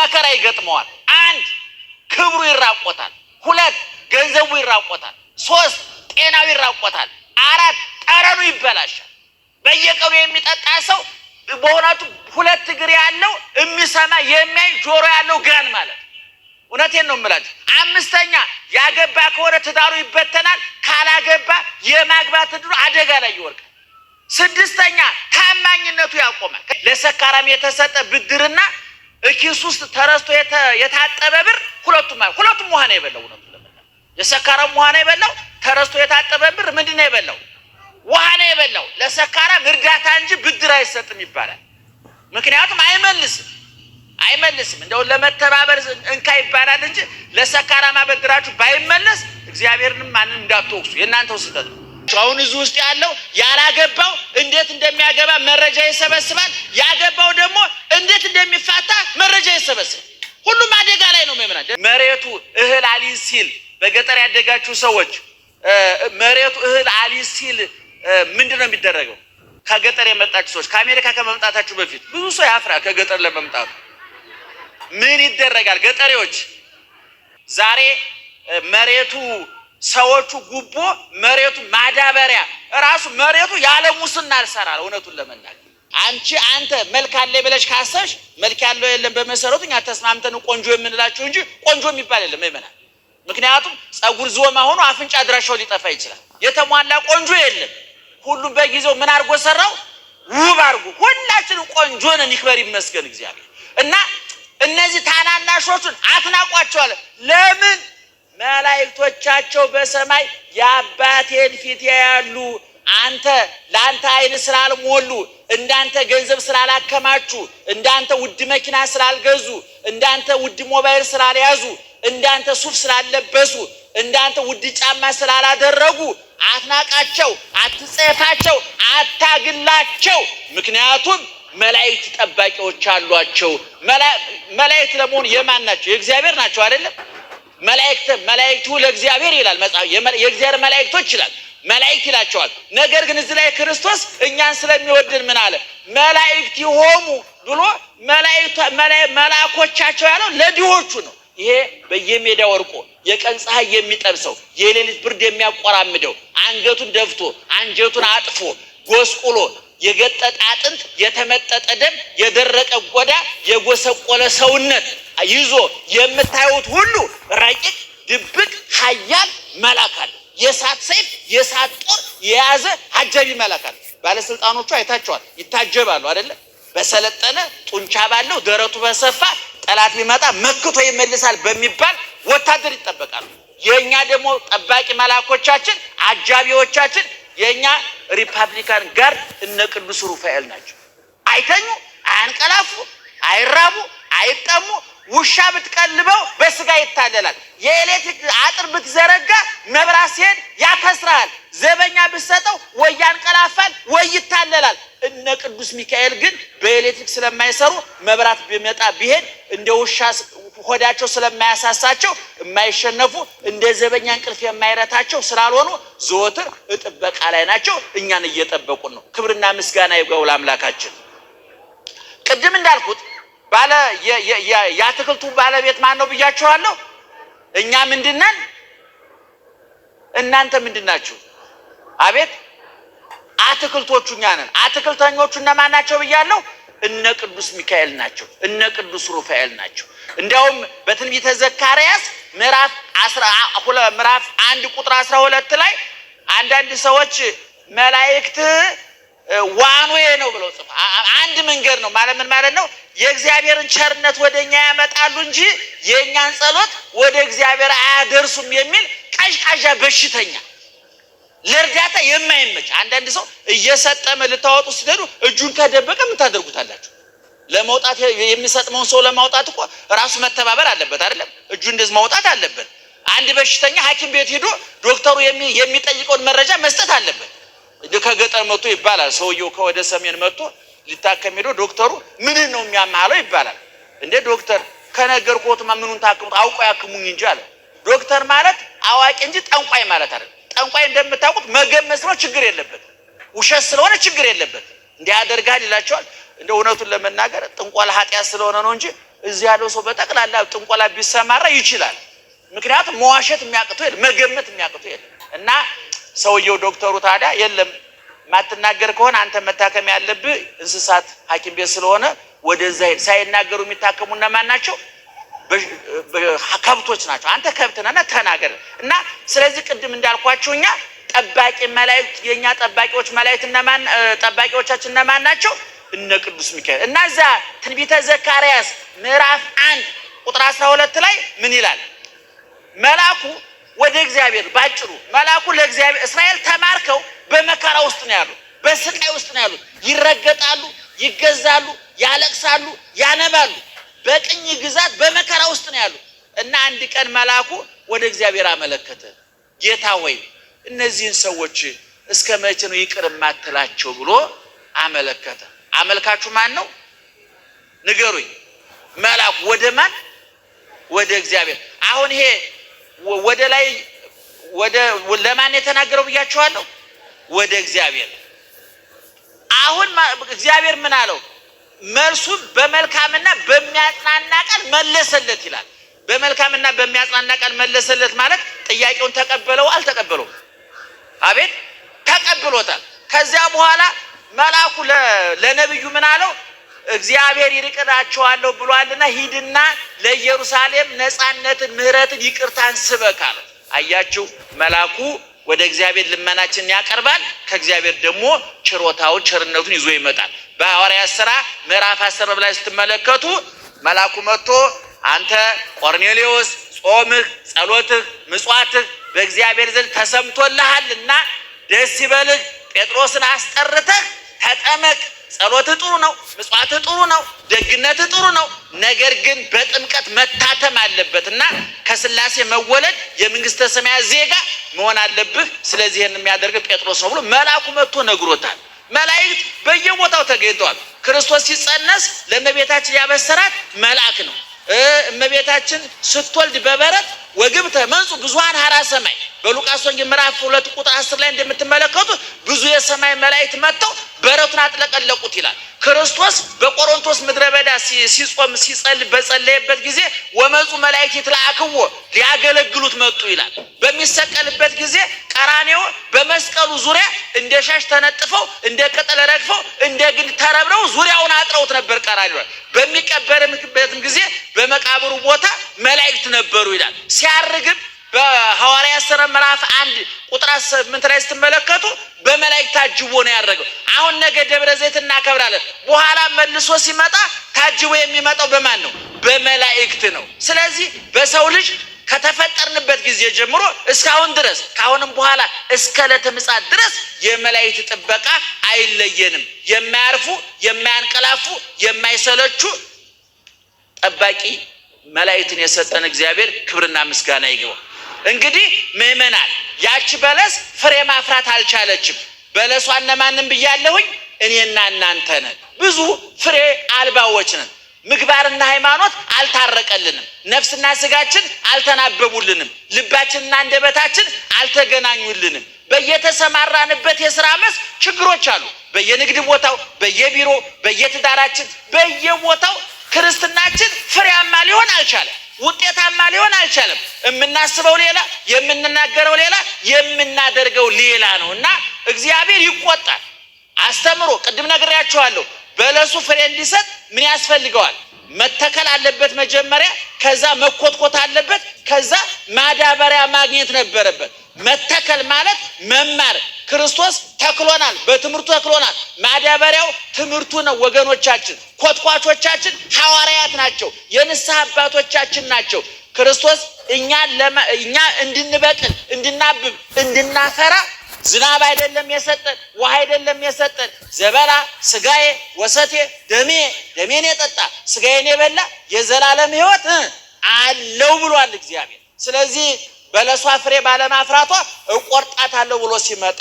መከራ ይገጥመዋል። አንድ ክብሩ ይራቆታል። ሁለት ገንዘቡ ይራቆታል። ሶስት ጤናው ይራቆታል። አራት ጠረኑ ይበላሻል። በየቀኑ የሚጠጣ ሰው በእውነቱ ሁለት እግር ያለው የሚሰማ የሚያይ ጆሮ ያለው ጋን ማለት እውነቴን ነው የምላችሁ። አምስተኛ ያገባ ከሆነ ትዳሩ ይበተናል። ካላገባ የማግባት እድሉ አደጋ ላይ ይወርቃል። ስድስተኛ ታማኝነቱ ያቆማል። ለሰካራም የተሰጠ ብድርና እኪሱ ውስጥ ተረስቶ የታጠበ ብር ሁለቱም ሁለቱም ውሃ ነው የበላው ነው የሰካራም ውሃ ነው የበላው። ተረስቶ የታጠበ ብር ምንድን ነው የበላው? ውሃ ነው የበላው። ለሰካራም እርዳታ እንጂ ብድር አይሰጥም ይባላል። ምክንያቱም አይመልስም አይመልስም። እንደው ለመተባበር እንካ ይባላል እንጂ ለሰካራ አበድራችሁ ባይመለስ እግዚአብሔርንም ማንን እንዳትወቅሱ የእናንተው ስህተት ነው። አሁን እዚህ ውስጥ ያለው ያላገባው እንዴት እንደሚያገባ መረጃ ይሰበስባል። ያገባው ደግሞ እንዴት እንደሚፋታ መረጃ ይሰበስባል። ሁሉም አደጋ ላይ ነው። መምና መሬቱ እህል አሊ ሲል በገጠር ያደጋችሁ ሰዎች መሬቱ እህል አሊ ሲል ምንድን ነው የሚደረገው? ከገጠር የመጣችሁ ሰዎች ከአሜሪካ ከመምጣታችሁ በፊት ብዙ ሰው ያፍራል ከገጠር ለመምጣቱ ምን ይደረጋል? ገጠሬዎች ዛሬ መሬቱ ሰዎቹ ጉቦ መሬቱ ማዳበሪያ ራሱ መሬቱ ያለ ሙስና ይሰራል። እውነቱን ለመናገር አንቺ አንተ መልክ አለ ብለሽ ካሰብሽ መልክ ያለው የለም። በመሰረቱ እኛ ተስማምተን ቆንጆ የምንላቸው እንጂ ቆንጆ የሚባል የለም ይመናል። ምክንያቱም ጸጉር ዝወማ ሆኖ አፍንጫ አድራሻው ሊጠፋ ይችላል። የተሟላ ቆንጆ የለም። ሁሉም በጊዜው ምን አድርጎ ሰራው? ውብ አድርጎ። ሁላችንም ቆንጆ ነን፣ ይክበር ይመስገን እግዚአብሔር። እና እነዚህ ታናናሾቹን አትናቋቸዋለን። ለምን መላእክቶቻቸው በሰማይ የአባቴን ፊት ያያሉ። አንተ ለአንተ አይን ስላልሞሉ፣ እንዳንተ ገንዘብ ስላላከማቹ፣ እንዳንተ ውድ መኪና ስላልገዙ፣ እንዳንተ ውድ ሞባይል ስላልያዙ፣ እንዳንተ ሱፍ ስላለበሱ፣ እንዳንተ ውድ ጫማ ስላላደረጉ አትናቃቸው፣ አትጸፋቸው፣ አታግላቸው። ምክንያቱም መላእክት ጠባቂዎች አሏቸው። መላእክት ለመሆኑ የማን ናቸው? የእግዚአብሔር ናቸው አይደለም? መላእክት መላእክቱ ለእግዚአብሔር ይላል የእግዚአብሔር መላእክቶች ይላል መላእክት ይላቸዋል። ነገር ግን እዚህ ላይ ክርስቶስ እኛን ስለሚወድን ምን አለ? መላእክት ይሆሙ ብሎ መላእኮቻቸው ያለው ለድሆቹ ነው። ይሄ በየሜዳ ወርቆ የቀን ፀሐይ የሚጠብሰው የሌሊት ብርድ የሚያቆራምደው አንገቱን ደፍቶ አንጀቱን አጥፎ ጎስቁሎ የገጠጠ አጥንት፣ የተመጠጠ ደም፣ የደረቀ ቆዳ፣ የጎሰቆለ ሰውነት ይዞ የምታዩት ሁሉ ረቂቅ፣ ድብቅ፣ ኃያል መልአክ አለ። የእሳት ሰይፍ፣ የእሳት ጦር የያዘ አጃቢ መልአክ አለ። ባለስልጣኖቹ አይታቸዋል፣ ይታጀባሉ አይደለም? በሰለጠነ ጡንቻ ባለው ደረቱ በሰፋ ጠላት ቢመጣ መክቶ ይመልሳል በሚባል ወታደር ይጠበቃሉ። የእኛ ደግሞ ጠባቂ መልአኮቻችን አጃቢዎቻችን የእኛ ሪፐብሊካን ጋርድ እነ ቅዱስ ሩፋኤል ናቸው። አይተኙ፣ አያንቀላፉ፣ አይራቡ፣ አይጠሙ። ውሻ ብትቀልበው በስጋ ይታለላል። የኤሌክትሪክ አጥር ብትዘረጋ መብራት ሲሄድ ያከስራል። ዘበኛ ብትሰጠው ወይ ያንቀላፋል ወይ ይታለላል። እነ ቅዱስ ሚካኤል ግን በኤሌክትሪክ ስለማይሰሩ መብራት ቢመጣ ቢሄድ እንደ ውሻ ሆዳቸው ስለማያሳሳቸው የማይሸነፉ እንደ ዘበኛ እንቅልፍ የማይረታቸው ስላልሆኑ ዘወትር ጥበቃ ላይ ናቸው። እኛን እየጠበቁን ነው። ክብርና ምስጋና ይግባው ለአምላካችን። ቅድም እንዳልኩት ባለ የአትክልቱ ባለቤት ማን ነው ብያችኋለሁ። እኛ ምንድነን? እናንተ ናችሁ? አቤት አትክልቶቹ እኛ ነን። አትክልተኞቹ እነማን ናቸው ብያለሁ። እነ ቅዱስ ሚካኤል ናቸው፣ እነ ቅዱስ ሩፋኤል ናቸው። እንዲያውም በትንቢተ ዘካርያስ ምዕራፍ ምዕራፍ አንድ ቁጥር 12 ላይ አንዳንድ ሰዎች መላእክት ዋንዌ ነው ብለው ጽፈ አንድ መንገድ ነው ማለት ምን ማለት ነው? የእግዚአብሔርን ቸርነት ወደ እኛ ያመጣሉ እንጂ የእኛን ጸሎት ወደ እግዚአብሔር አያደርሱም የሚል ቀዥቃዣ በሽተኛ ለእርዳታ የማይመች አንዳንድ ሰው እየሰጠመ ልታወጡ ስትሄዱ እጁን ከደበቀ ምን ታደርጉታላችሁ? ለመውጣት የሚሰጥመውን ሰው ለማውጣት እኮ ራሱ መተባበር አለበት አይደለም? እጁ እንደዚህ ማውጣት አለበት። አንድ በሽተኛ ሐኪም ቤት ሄዶ ዶክተሩ የሚጠይቀውን መረጃ መስጠት አለበት። ከገጠር መጥቶ ይባላል ሰውየው ከወደ ሰሜን መጥቶ ሊታከም ሄዶ ዶክተሩ ምንን ነው የሚያማለው ይባላል። እንደ ዶክተር ከነገር ኮትማ ምኑን ታክሙት አውቀው ያክሙኝ እንጂ አለ። ዶክተር ማለት አዋቂ እንጂ ጠንቋይ ማለት አይደለም። ጠንቋይ እንደምታውቁት መገመት ነው፣ ችግር የለበት። ውሸት ስለሆነ ችግር የለበት። እንዲያደርጋል ይላቸዋል። እንደ እውነቱን ለመናገር ጥንቆላ ኃጢአት ስለሆነ ነው እንጂ እዚህ ያለው ሰው በጠቅላላ ጥንቆላ ቢሰማራ ይችላል። ምክንያቱም መዋሸት የሚያቅተው የለም፣ መገመት የሚያቅተው የለም። እና ሰውየው ዶክተሩ ታዲያ የለም ማትናገር ከሆነ አንተ መታከም ያለብህ እንስሳት ሐኪም ቤት ስለሆነ ወደዛ ሳይናገሩ የሚታከሙ እነማን ናቸው? ከብቶች ናቸው። አንተ ከብት ነህና ተናገር እና ስለዚህ ቅድም እንዳልኳቸው እኛ ጠባቂ መላእክት የእኛ ጠባቂዎች መላእክት እነማን ጠባቂዎቻችን እነማን ናቸው? እነ ቅዱስ ሚካኤል እና እዛ ትንቢተ ዘካርያስ ምዕራፍ አንድ ቁጥር 12 ላይ ምን ይላል? መልአኩ ወደ እግዚአብሔር ባጭሩ መልአኩ ለእግዚአብሔር እስራኤል ተማርከው በመከራ ውስጥ ነው ያሉት፣ በስቃይ ውስጥ ነው ያሉት። ይረገጣሉ፣ ይገዛሉ፣ ያለቅሳሉ፣ ያነባሉ በቅኝ ግዛት በመከራ ውስጥ ነው ያሉ እና አንድ ቀን መልአኩ ወደ እግዚአብሔር አመለከተ። ጌታ ወይ እነዚህን ሰዎች እስከ መቼ ነው ይቅር ማትላቸው ብሎ አመለከተ። አመልካቹ ማን ነው? ንገሩኝ። መልአኩ ወደ ማን? ወደ እግዚአብሔር። አሁን ይሄ ወደ ላይ ወደ ለማን የተናገረው ብያችኋለሁ? ወደ እግዚአብሔር። አሁን እግዚአብሔር ምን አለው? መልሱም በመልካምና በሚያጽናና ቃል መለሰለት ይላል። በመልካምና በሚያጽናና ቃል መለሰለት ማለት ጥያቄውን ተቀበለው አልተቀበለውም? አቤት ተቀብሎታል። ከዚያ በኋላ መልአኩ ለነብዩ ምን አለው? እግዚአብሔር ይቅራችኋለሁ ብሏልና ሂድና ለኢየሩሳሌም ነፃነትን፣ ምህረትን ይቅርታን ስበክ አለው። አያችሁ መልአኩ ወደ እግዚአብሔር ልመናችንን ያቀርባል። ከእግዚአብሔር ደግሞ ችሮታውን፣ ቸርነቱን ይዞ ይመጣል። በሐዋርያት ስራ ምዕራፍ አስር ላይ ስትመለከቱ መልአኩ መጥቶ አንተ ቆርኔሌዎስ ጾምህ፣ ጸሎትህ፣ ምጽዋትህ በእግዚአብሔር ዘንድ ተሰምቶልሃልና ደስ ይበልህ። ጴጥሮስን አስጠርተህ ተጠመቅ። ጸሎትህ ጥሩ ነው፣ ምጽዋትህ ጥሩ ነው፣ ደግነትህ ጥሩ ነው። ነገር ግን በጥምቀት መታተም አለበት እና ከስላሴ መወለድ የመንግስተ ሰማያት ዜጋ መሆን አለብህ። ስለዚህ የሚያደርገው ጴጥሮስ ነው ብሎ መልአኩ መጥቶ ነግሮታል። መላእክት በየቦታው ተገኝተዋል። ክርስቶስ ሲጸነስ ለእመቤታችን ያበሰራት መልአክ ነው። እመቤታችን ስትወልድ በበረት ወግብተ መንጹ ብዙኃን ሀራ ሰማይ በሉቃስ ወንጌል ምዕራፍ ሁለት ቁጥር አስር ላይ እንደምትመለከቱት ብዙ የሰማይ መላእክት መጥተው በረቱን አጥለቀለቁት ይላል። ክርስቶስ በቆሮንቶስ ምድረ በዳ ሲጾም ሲጸል በጸለየበት ጊዜ ወመፁ መላእክት ይትላክዎ ሊያገለግሉት መጡ ይላል። በሚሰቀልበት ጊዜ ቀራኔው በመስቀሉ ዙሪያ እንደ ሻሽ ተነጥፈው እንደ ቅጠል ረግፈው እንደ ግንድ ተረብረው ዙሪያውን አጥረውት ነበር። ቀራኔው በሚቀበርበትም ጊዜ በመቃብሩ ቦታ መላእክት ነበሩ ይላል። ሲያርግም በሐዋርያት ሥራ ምዕራፍ አንድ ቁጥር ስምንት ላይ ስትመለከቱ በመላእክት ታጅቦ ነው ያደረገው። አሁን ነገ ደብረ ዘይት እናከብራለን። በኋላ መልሶ ሲመጣ ታጅቦ የሚመጣው በማን ነው? በመላእክት ነው። ስለዚህ በሰው ልጅ ከተፈጠርንበት ጊዜ ጀምሮ እስካሁን ድረስ ከአሁንም በኋላ እስከ ዕለተ ምጽአት ድረስ የመላእክት ጥበቃ አይለየንም። የማያርፉ የማያንቀላፉ፣ የማይሰለቹ ጠባቂ መላእክትን የሰጠን እግዚአብሔር ክብርና ምስጋና ይግባ። እንግዲህ ምእመናን ያች በለስ ፍሬ ማፍራት አልቻለችም። በለሷ ለማንም ብያለሁኝ እኔና እናንተ ነን። ብዙ ፍሬ አልባዎች ነን። ምግባርና ሃይማኖት አልታረቀልንም። ነፍስና ስጋችን አልተናበቡልንም። ልባችንና አንደበታችን አልተገናኙልንም። በየተሰማራንበት የስራ መስክ ችግሮች አሉ። በየንግድ ቦታው፣ በየቢሮ፣ በየትዳራችን፣ በየቦታው ክርስትናችን ፍሬያማ ሊሆን አልቻለም። ውጤታማ ሊሆን አልቻለም። የምናስበው ሌላ፣ የምንናገረው ሌላ፣ የምናደርገው ሌላ ነው እና እግዚአብሔር ይቆጣል። አስተምሮ ቅድም ነግሬያችኋለሁ። በለሱ ፍሬ እንዲሰጥ ምን ያስፈልገዋል? መተከል አለበት መጀመሪያ፣ ከዛ መኮትኮት አለበት፣ ከዛ ማዳበሪያ ማግኘት ነበረበት። መተከል ማለት መማር ክርስቶስ ተክሎናል፣ በትምህርቱ ተክሎናል። ማዳበሪያው ትምህርቱ ነው ወገኖቻችን። ኮትኳቾቻችን ሐዋርያት ናቸው፣ የንስሐ አባቶቻችን ናቸው። ክርስቶስ እኛ እኛ እንድንበቅል እንድናብብ እንድናፈራ ዝናብ አይደለም የሰጠን፣ ውሃ አይደለም የሰጠን። ዘበላ ስጋዬ ወሰቴ ደሜ፣ ደሜን የጠጣ ስጋዬን የበላ የዘላለም ሕይወት አለው ብሏል እግዚአብሔር። ስለዚህ በለሷ ፍሬ ባለማፍራቷ እቆርጣታለሁ ብሎ ሲመጣ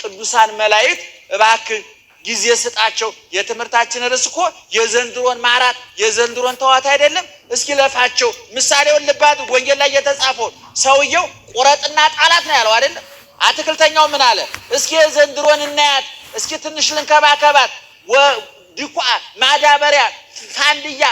ቅዱሳን መላእክት እባክህ ጊዜ ስጣቸው። የትምህርታችን ርዕስ እኮ የዘንድሮን ማራት የዘንድሮን ተዋት አይደለም። እስኪ ለፋቸው። ምሳሌውን ልባት ወንጌል ላይ የተጻፈው ሰውየው ቁረጥና ጣላት ነው ያለው አይደለም። አትክልተኛው ምን አለ? እስኪ የዘንድሮን እናያት፣ እስኪ ትንሽ ልንከባከባት። ድኳ፣ ማዳበሪያ፣ ፋንድያ፣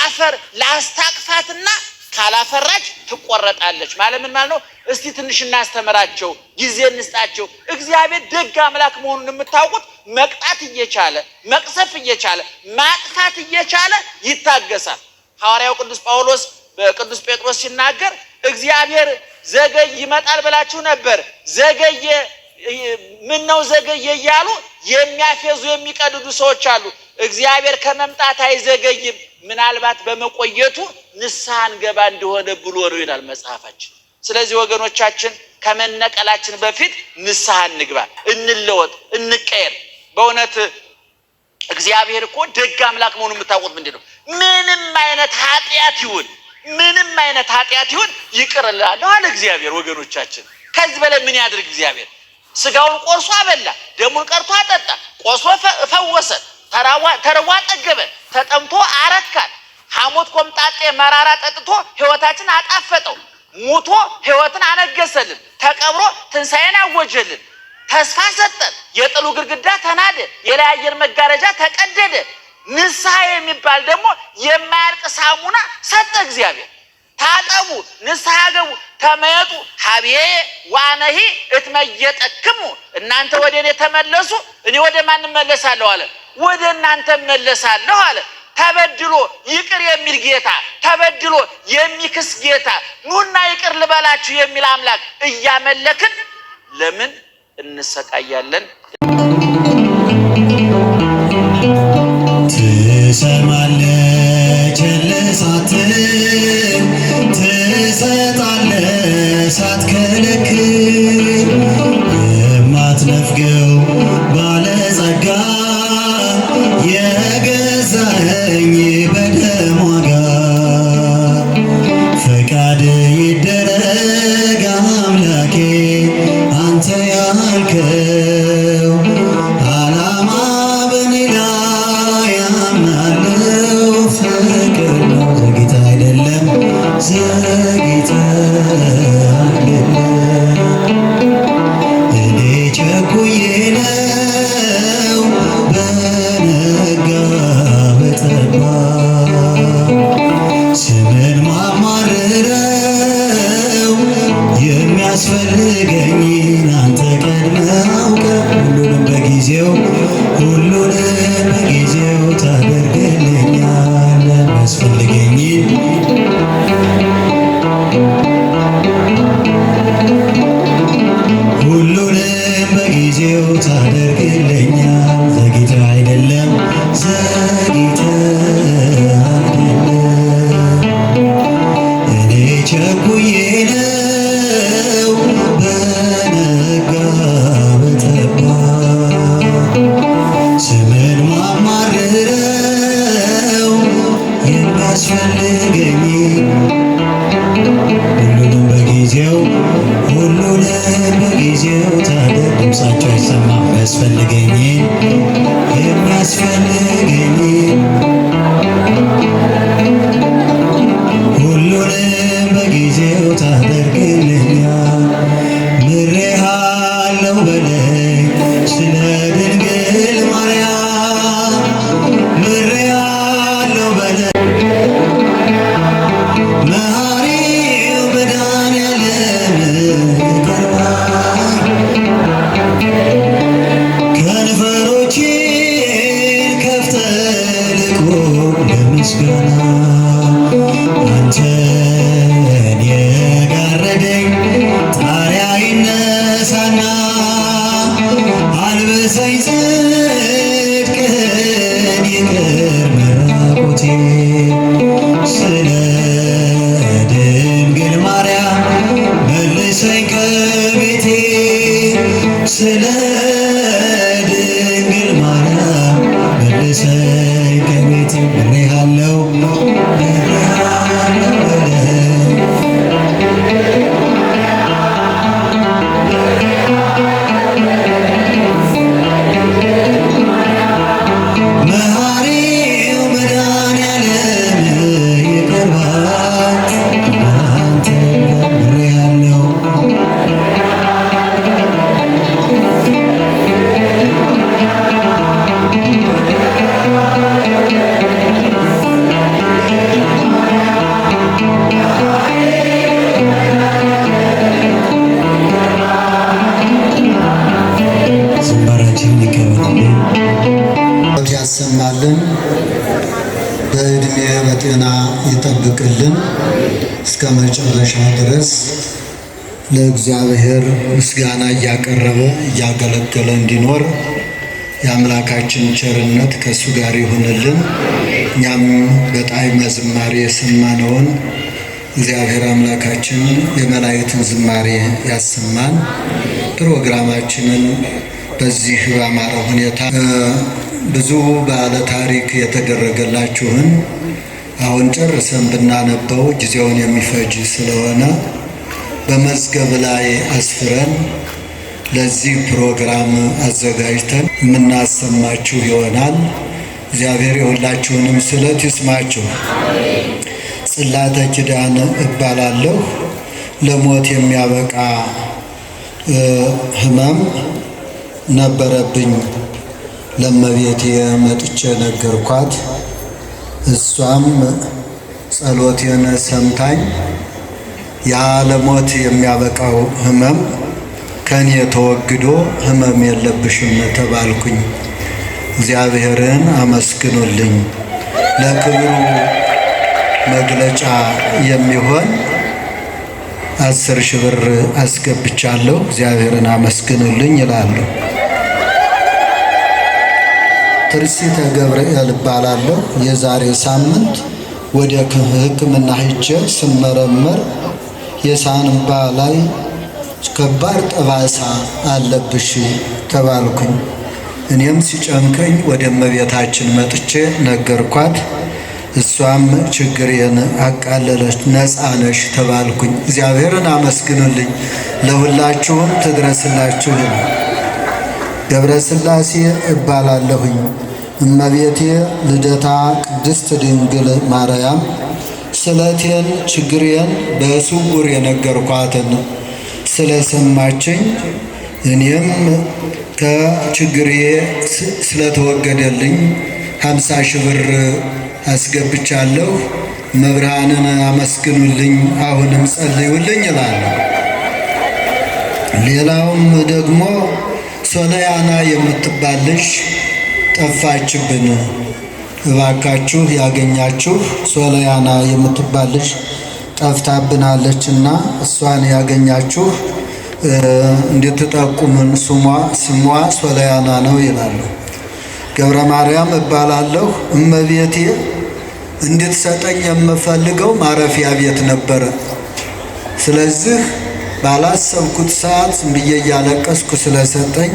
አፈር ላስታቅፋትና ካላፈራች ትቆረጣለች ማለት ምን ማለት ነው? እስቲ ትንሽ እናስተምራቸው፣ ጊዜ እንስጣቸው። እግዚአብሔር ደግ አምላክ መሆኑን የምታውቁት መቅጣት እየቻለ መቅሰፍ እየቻለ ማጥፋት እየቻለ ይታገሳል። ሐዋርያው ቅዱስ ጳውሎስ በቅዱስ ጴጥሮስ ሲናገር እግዚአብሔር ዘገይ ይመጣል ብላችሁ ነበር፣ ዘገየ ምን ነው ዘገየ እያሉ የሚያፌዙ የሚቀድዱ ሰዎች አሉ። እግዚአብሔር ከመምጣት አይዘገይም፣ ምናልባት በመቆየቱ ንስሐ እንገባ እንደሆነ ብሎ ነው ይላል መጽሐፋችን። ስለዚህ ወገኖቻችን ከመነቀላችን በፊት ንስሐ እንግባ፣ እንለወጥ፣ እንቀየር። በእውነት እግዚአብሔር እኮ ደግ አምላክ መሆኑ የምታውቁት ምንድን ነው? ምንም አይነት ኃጢአት ይሁን ምንም አይነት ኃጢአት ይሁን ይቅርላለሁ አለ እግዚአብሔር። ወገኖቻችን ከዚህ በላይ ምን ያድርግ እግዚአብሔር? ስጋውን ቆርሶ አበላ፣ ደሙን ቀርቶ አጠጣ፣ ቆሶ ፈወሰ፣ ተርቦ አጠገበ፣ ተጠምቶ አረካል፣ ሐሞት ቆምጣጤ መራራ ጠጥቶ ህይወታችን አጣፈጠው። ሙቶ ህይወትን አነገሰልን፣ ተቀብሮ ትንሣኤን አወጀልን፣ ተስፋ ሰጠን። የጥሉ ግድግዳ ተናደ፣ የለያየን መጋረጃ ተቀደደ። ንስሐ የሚባል ደግሞ የማያልቅ ሳሙና ሰጠ እግዚአብሔር። ታጠቡ፣ ንስሐ ገቡ፣ ተመየጡ ሀብየ ዋነሂ እትመየጠክሙ እናንተ ወደ እኔ ተመለሱ፣ እኔ ወደ ማን እመለሳለሁ አለ። ወደ እናንተ እመለሳለሁ አለ። ይቅር የሚል ጌታ፣ ተበድሎ የሚክስ ጌታ፣ ኑና ይቅር ልበላችሁ የሚል አምላክ እያመለክን ለምን እንሰቃያለን? did it. Thank Selam ለእግዚአብሔር ምስጋና እያቀረበ እያገለገለ እንዲኖር የአምላካችን ቸርነት ከእሱ ጋር ይሆንልን። እኛም በጣይ ዝማሬ የሰማነውን እግዚአብሔር አምላካችን የመላእክትን ዝማሬ ያሰማን። ፕሮግራማችንን በዚህ በአማረ ሁኔታ ብዙ ባለ ታሪክ የተደረገላችሁን አሁን ጨርሰን ብናነበው ጊዜውን የሚፈጅ ስለሆነ በመዝገብ ላይ አስፍረን ለዚህ ፕሮግራም አዘጋጅተን የምናሰማችሁ ይሆናል። እግዚአብሔር የሁላችሁንም ስለት ይስማችሁ። ጽላተ ኪዳን እባላለሁ። ለሞት የሚያበቃ ህመም ነበረብኝ። ለመቤት መጥቼ ነገርኳት። እሷም ጸሎቴን ሰምታኝ ያለሞት የሚያበቃው ህመም ከኔ ተወግዶ ህመም የለብሽም ተባልኩኝ። እግዚአብሔርን አመስግኑልኝ። ለክብሩ መግለጫ የሚሆን አስር ሺህ ብር አስገብቻለሁ። እግዚአብሔርን አመስግኑልኝ ይላሉ። ትርሲተ ገብርኤል እባላለሁ። የዛሬ ሳምንት ወደ ሕክምና ሂጄ ስመረመር የሳንባ ላይ ከባድ ጠባሳ አለብሽ ተባልኩኝ። እኔም ሲጨንቀኝ ወደ እመቤታችን መጥቼ ነገርኳት። እሷም ችግሬን አቃለለች። ነፃ ነሽ ተባልኩኝ። እግዚአብሔርን አመስግኑልኝ፣ ለሁላችሁም ትድረስላችሁ። ገብረ እባላለሁኝ። እመቤቴ ልደታ ቅድስት ድንግል ማርያም ስለቴን ችግሬን በስውር የነገርኳትን ስለሰማችኝ እኔም ከችግሬ ስለተወገደልኝ ሀምሳ ሺህ ብር አስገብቻለሁ። መብርሃንን አመስግኑልኝ፣ አሁንም ጸልዩልኝ ይላል። ሌላውም ደግሞ ሶለያና የምትባል ልጅ ጠፋችብን እባካችሁ ያገኛችሁ ሶለያና የምትባል ልጅ ጠፍታብናለች እና እሷን ያገኛችሁ እንድትጠቁምን ስሟ ስሟ ሶለያና ነው ይላሉ። ገብረ ማርያም እባላለሁ። እመቤቴ እንድትሰጠኝ የምፈልገው ማረፊያ ቤት ነበረ። ስለዚህ ባላሰብኩት ሰዓት ብዬ እያለቀስኩ ስለሰጠኝ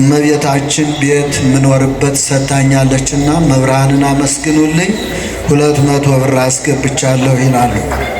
እመቤታችን ቤት ምኖርበት ሰታኛለችና መብርሃንን አመስግኑልኝ ሁለት መቶ ብር አስገብቻለሁ ይላሉ።